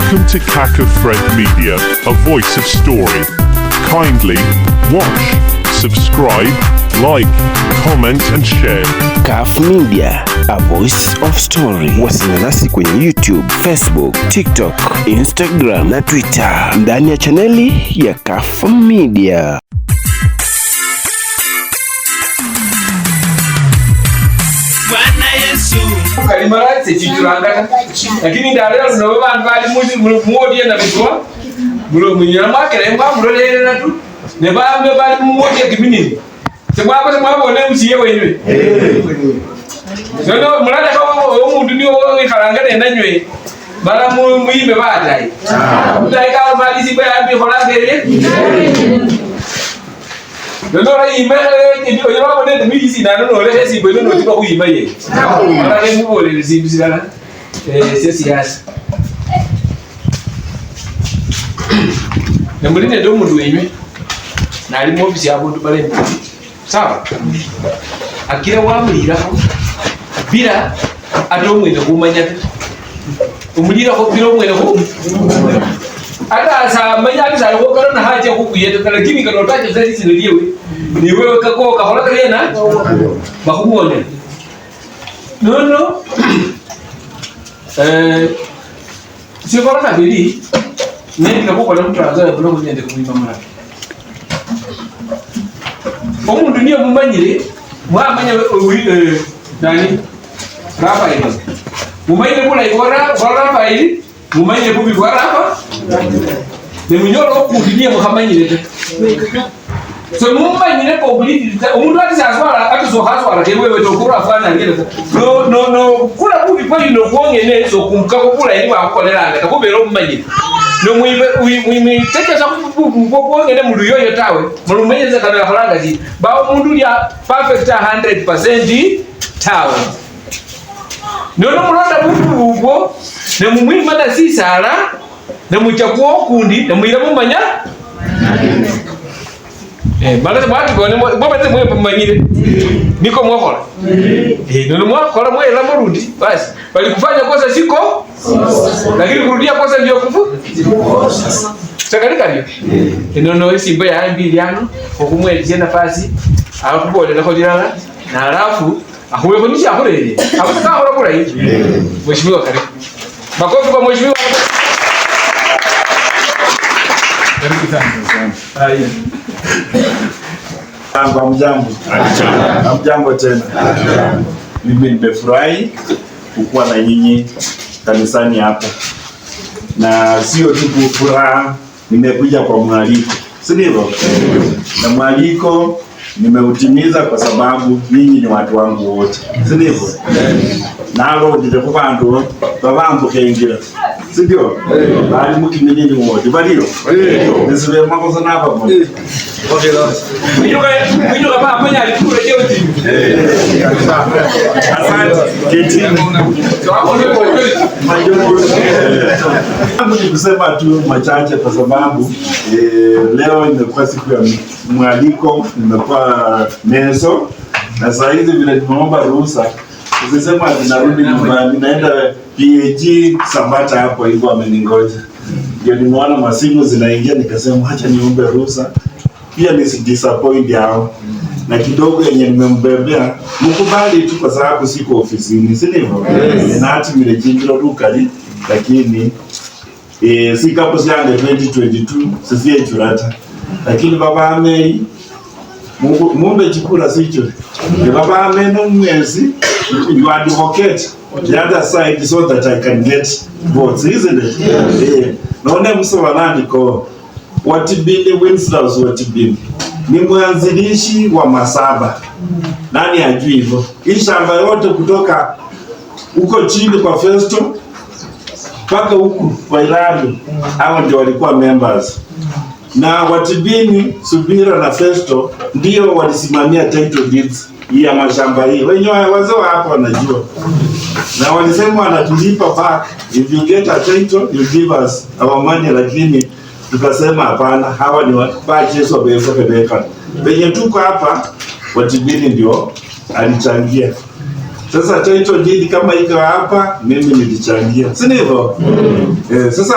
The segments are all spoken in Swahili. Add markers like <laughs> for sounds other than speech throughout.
Welcome to Cack of Media, a voice of story. Kindly watch, subscribe, like, comment and share. Kaf Media, a voice of story. Wasiliana nasi kwenye YouTube, Facebook, TikTok, Instagram na Twitter ndani ya chaneli ya caf Media. kalimala sekichulangata lakini ndalero no babandu bali muwodie nabitwa mulo munyamwakila mbwa mulolelela tu ne bambe bali muwodie kiminini sebwaba semwabone musiye wenywe nono mulaleka omundu niwo wikhalanga nenanywe bala muyimbe batayi utaikamalisi bwe ambikholanga Nonora imehe ndi oyo babo ndi mizi na nono lehe si bwe nono tiba kuyimaye. Mara ke mubole nzibizira. Eh sesi yasi. Nemulinde ndo aka sa ko karna haje ku kuye ta tarkimi ka dota ta sai sai diye ne we ka ko ka hola kare na ba ku no no eh si fara ka bili ne ka ko kola mtu azaye bro mu nyende kumima mara omuntu niyo mumanyire mwamanya nani rafael mumanyire kula ikora rafael mumanye bubi bwaraba nemunyora okuhiliye muhamanyire so mumanyire pobulidiriza omundu ati saswala ati sohaswala kewewe tokurafanangelesa nokula bubi kwali sokumukako bulaini bwakukoleranga kakubera omumanyire nomwitekesa kwongene mundu yoyo tawe mulumanyiriza kanalakolanga ki bawo mundu lya perfect 100 tawe nono mulonda bubwo namumwima na sisala namuchakuwa okundi namwila mumanya mala eh, mwatikonemwepamanyile niko mwakola eh, nono mwakhola mwela murundi basi bali kufanya kosa siko lakini kurudia kosa ndio kufu sakalikalio eh, nono isimbo yaambili ano okumwelisia nafasi akubolelekho lilala na alafu akhuwekho nishakhulele akhulakakhola bulayi mweshimiwa karibu Makofi kwa mheshimiwa. Hamjambo tena. Mimi nimefurahi kukuwa na nyinyi kanisani hapa, na sio tu furaha, nimekuja kwa mwaliko, si ndivyo? Na mwaliko nimeutimiza kwa sababu ninyi ni watu wangu wote, si ndivyo? nalo ndilikuvandu vavangu sindio? Eh. bari mukimenye nyomothi bario eh. nisire makosa na babo kuinuka babo nyali kule jeoti asante keti ni kusema tu machache kwa sababu eh, leo imekuwa siku ya mwaliko, imekuwa meso na saa hizi vile tumeomba ruhusa, usisema tunarudi nyumbani, naenda PAG Sabata hapo hivyo ameningoja, ndio nimeona masimu zinaingia, nikasema acha niombe ruhusa pia disappoint yao. na kidogo yenye nimembebea mkubali tu, kwa sababu siko ofisini, si ndivyo? Yes. na hati mirejindiro dukali lakini e, si kapo ande 2022 sisi ya echurata lakini baba amei mumbe chikura sicho ni baba amei na mwezi you advocate the other side so that I can get votes, isn't it? Yeah. Naona msowalandiko Watibinde Winslaus Watibinde ni mwanzilishi wa Masaba. Nani ajui hivyo? Hii shamba yote kutoka huko chini kwa Festo mpaka huku kwa Ilani, hao ndio walikuwa members na Watibini, Subira na Festo ndio walisimamia title deeds ya mashamba hii. Wenye wazee hapo wanajua, na walisema wanatulipa back if you get a title you give us our money, lakini tukasema hapana, hawa ni purchase wa Befo Fedeka. Wenye tuko hapa, watibili ndio alichangia. Sasa title deed kama iko hapa, mimi nilichangia, si ndivyo? Mm. Eh, sasa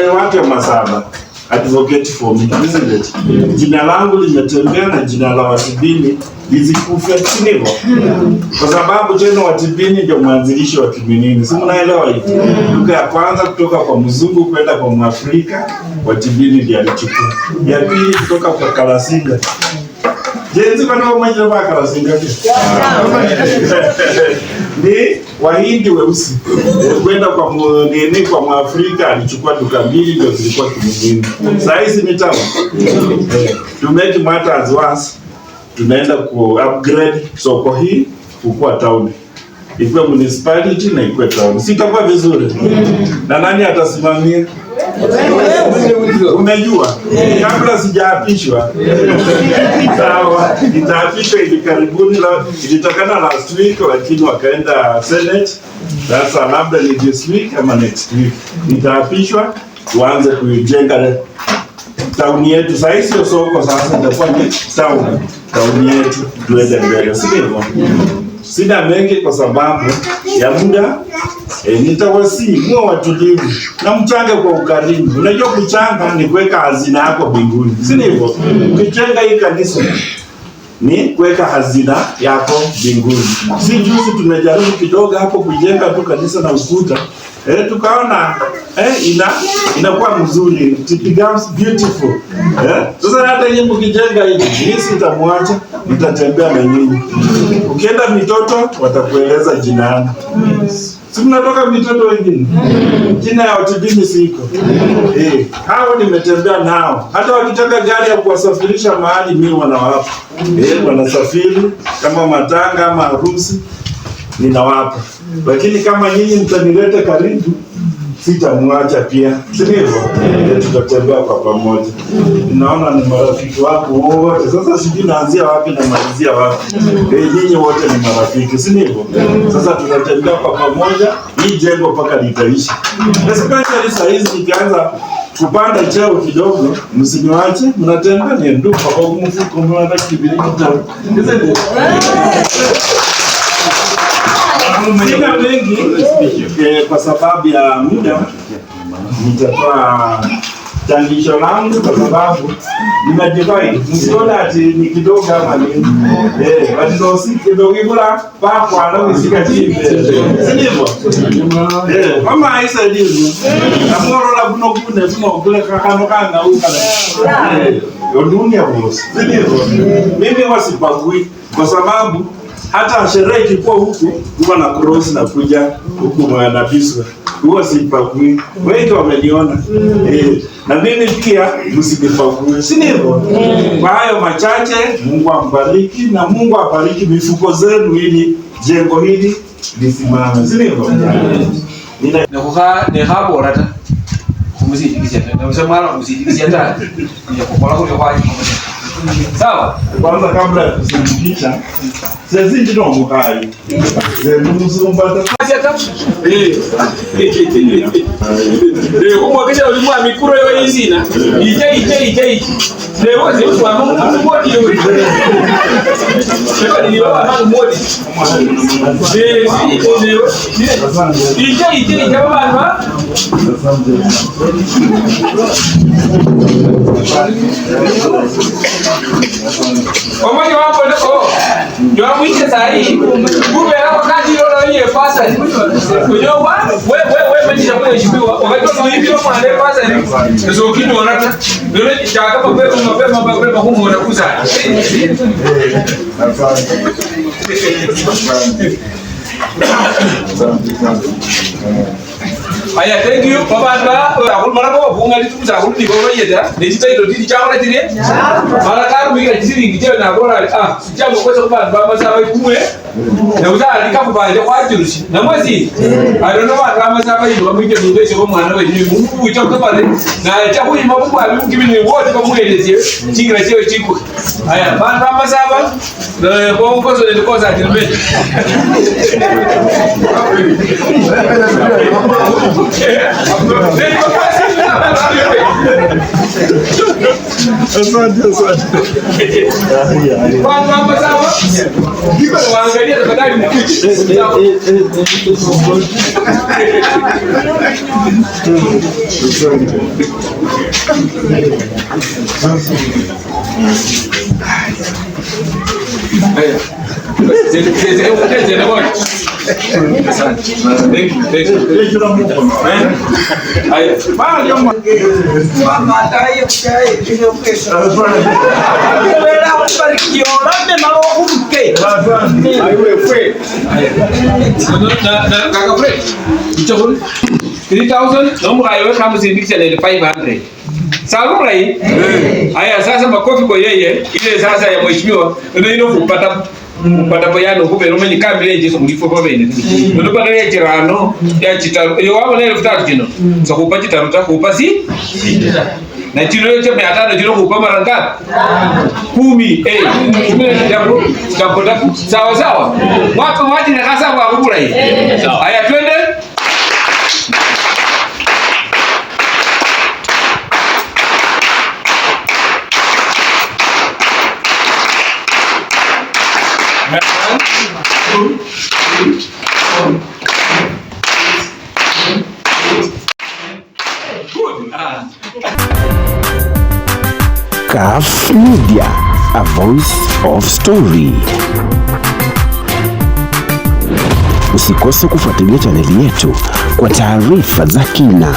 eh, watu wa Masaba advocate for village. Jina langu limetembea na jina la Watibini hivyo, kwa sababu tena Watibini ndio mwanzilishi wa Kiminini, si mnaelewa hivi? Duka ya kwanza kutoka kwa mzungu kwenda kwa Mwafrika, Watibini ndio alichukua. Ya pili kutoka kwa Kalasinga jenzi vanaomanyira vaka vasingavi <laughs> ni wahindi weusi kwenda kwa mgeni kwa mwafrika alichukua duka mbili ndio zilikuwa kimugini sahizi mitano to make matters worse tunaenda ku upgrade soko hii kukua town ikuwe municipality na ikuwe town sitakuwa vizuri mm. na nani atasimamia Unajua, kabla sijaapishwa, itaapishwa hivi karibuni, ilitokana last week, lakini wakaenda Senate. Sasa labda ni this week ama next week itaapishwa, tuanze kujenga tauni yetu. Saa hii sio soko, sasa itakuwa ni tauni, tauni yetu, tuende mbele, si hivyo? Sina mengi kwa sababu ya muda. E, eh, nitawasii mwa watulivu na mchange kwa ukarimu. Unajua kuchanga ni kuweka hazina yako mbinguni, si hivyo? Ukichenga hii kanisa ni kuweka hazina yako mbinguni. Si juzi tumejaribu kidogo hapo kujenga tu kanisa na ukuta eh, tukaona eh, ina inakuwa mzuri, it becomes beautiful eh. Sasa hata yeye mkijenga hivi jinsi itamwacha, mtatembea na nyinyi, ukienda mitoto watakueleza jina Yes si mnatoka mitoto wengine <laughs> jina ya watibini siko. <laughs> Eh, hao nimetembea nao, hata wakitaka gari ya kuwasafirisha mahali mimi wanawapa. Mm. Eh, wanasafiri kama matanga ama harusi ninawapa, mm. lakini kama nyinyi mtanileta karibu sitamwacha pia, si ndivyo? Eh, tutatembea kwa pamoja. Naona ni marafiki wako wote. Sasa sijui naanzia wapi na malizia wapi. Eh, nyinyi wote ni marafiki, si ndivyo? Sasa tutatembea kwa pamoja, hii jengo mpaka litaishi, especially saa hizi ikianza kupanda cheo kidogo, msiniwache, mnatembea ni ndugu kwa mfuko, mnaenda kibiriki tatu Sina mengi eh, kwa sababu ya muda, nitatoa changisho langu kwa sababu nimejivai, msione ati ni kidogo kama ni eh, si kidogo kula papa na msika chini, sivyo? Eh, kama aisa ndizo amoro la buno kuna tuma kule kakano kanga huko kana yo dunia boss, sivyo? Mimi wasipagui kwa sababu hata sherehe ikikuwa huku huwa na cross na kuja huku mwanabiswa huwa sipagui wengi wameniona mm. eh, na mimi pia msinipague, si ndivyo? Mm. Kwa hayo machache, Mungu ambariki na Mungu abariki mifuko zenu ili jengo hili lisimame, si ndivyo? sawa kwanza kabla ya kuzindikisha sezinji no muhayi zemuzumbatakumwakisha ee, ulimwa mikuro yo izina ije ije ije ije lewoze twamumudi lewaniliwawamanumudi ije ije ije babantu Umoja wapo leo oh. ndio mwisho sahihi. Kumbe hapo kazi ndio leo hiyo pasa. Unajua bwana wewe wewe wewe ndio kwa hiyo wakati wa hiyo kwa ile pasa ni sio kitu wanata. Ndio cha kama pepo mapema baba pepo huko unakuza. Asante. aya thank you babanda akul mana ko bu ngali tum sa akul ni ko no yeda ne ti tay do ti jawra ti ne mara kar mi ga jiri ngi a w n a ko ra ah jamu ko to ba ba sa ba kumwe nekutandika kupande kwajurushi namwezi adonovatamasapainoamwikedudeshekomwana vamuita kutopande nachakuima kumwavimukiviniwoti komwelezie chikira chewe chiko aya vanhu vamasava kokozonendikozatirime That's not just what. Ai, ai. Quer dizer, eu quer dizer, eu Naomba hamsini kisha nende 500. Salurai. Haya sasa makofi kwa yeye ile sasa ya mheshimiwa ndio kupata mupatapo yano kubera umenye kambira yejesu mulifo pamene notopatala yachirano yachitano iyo wabona elfu tatu chino sakupa chitano takupa si na chino cha mia tano chino kupa mara eh kumi kumi na jambo jambo sawa sawa wapo wachi na kasa kwa kukula Kaf Media, a voice of story. Usikose kufuatilia chaneli yetu kwa taarifa za kina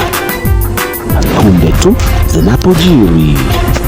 punde tu zinapojiri.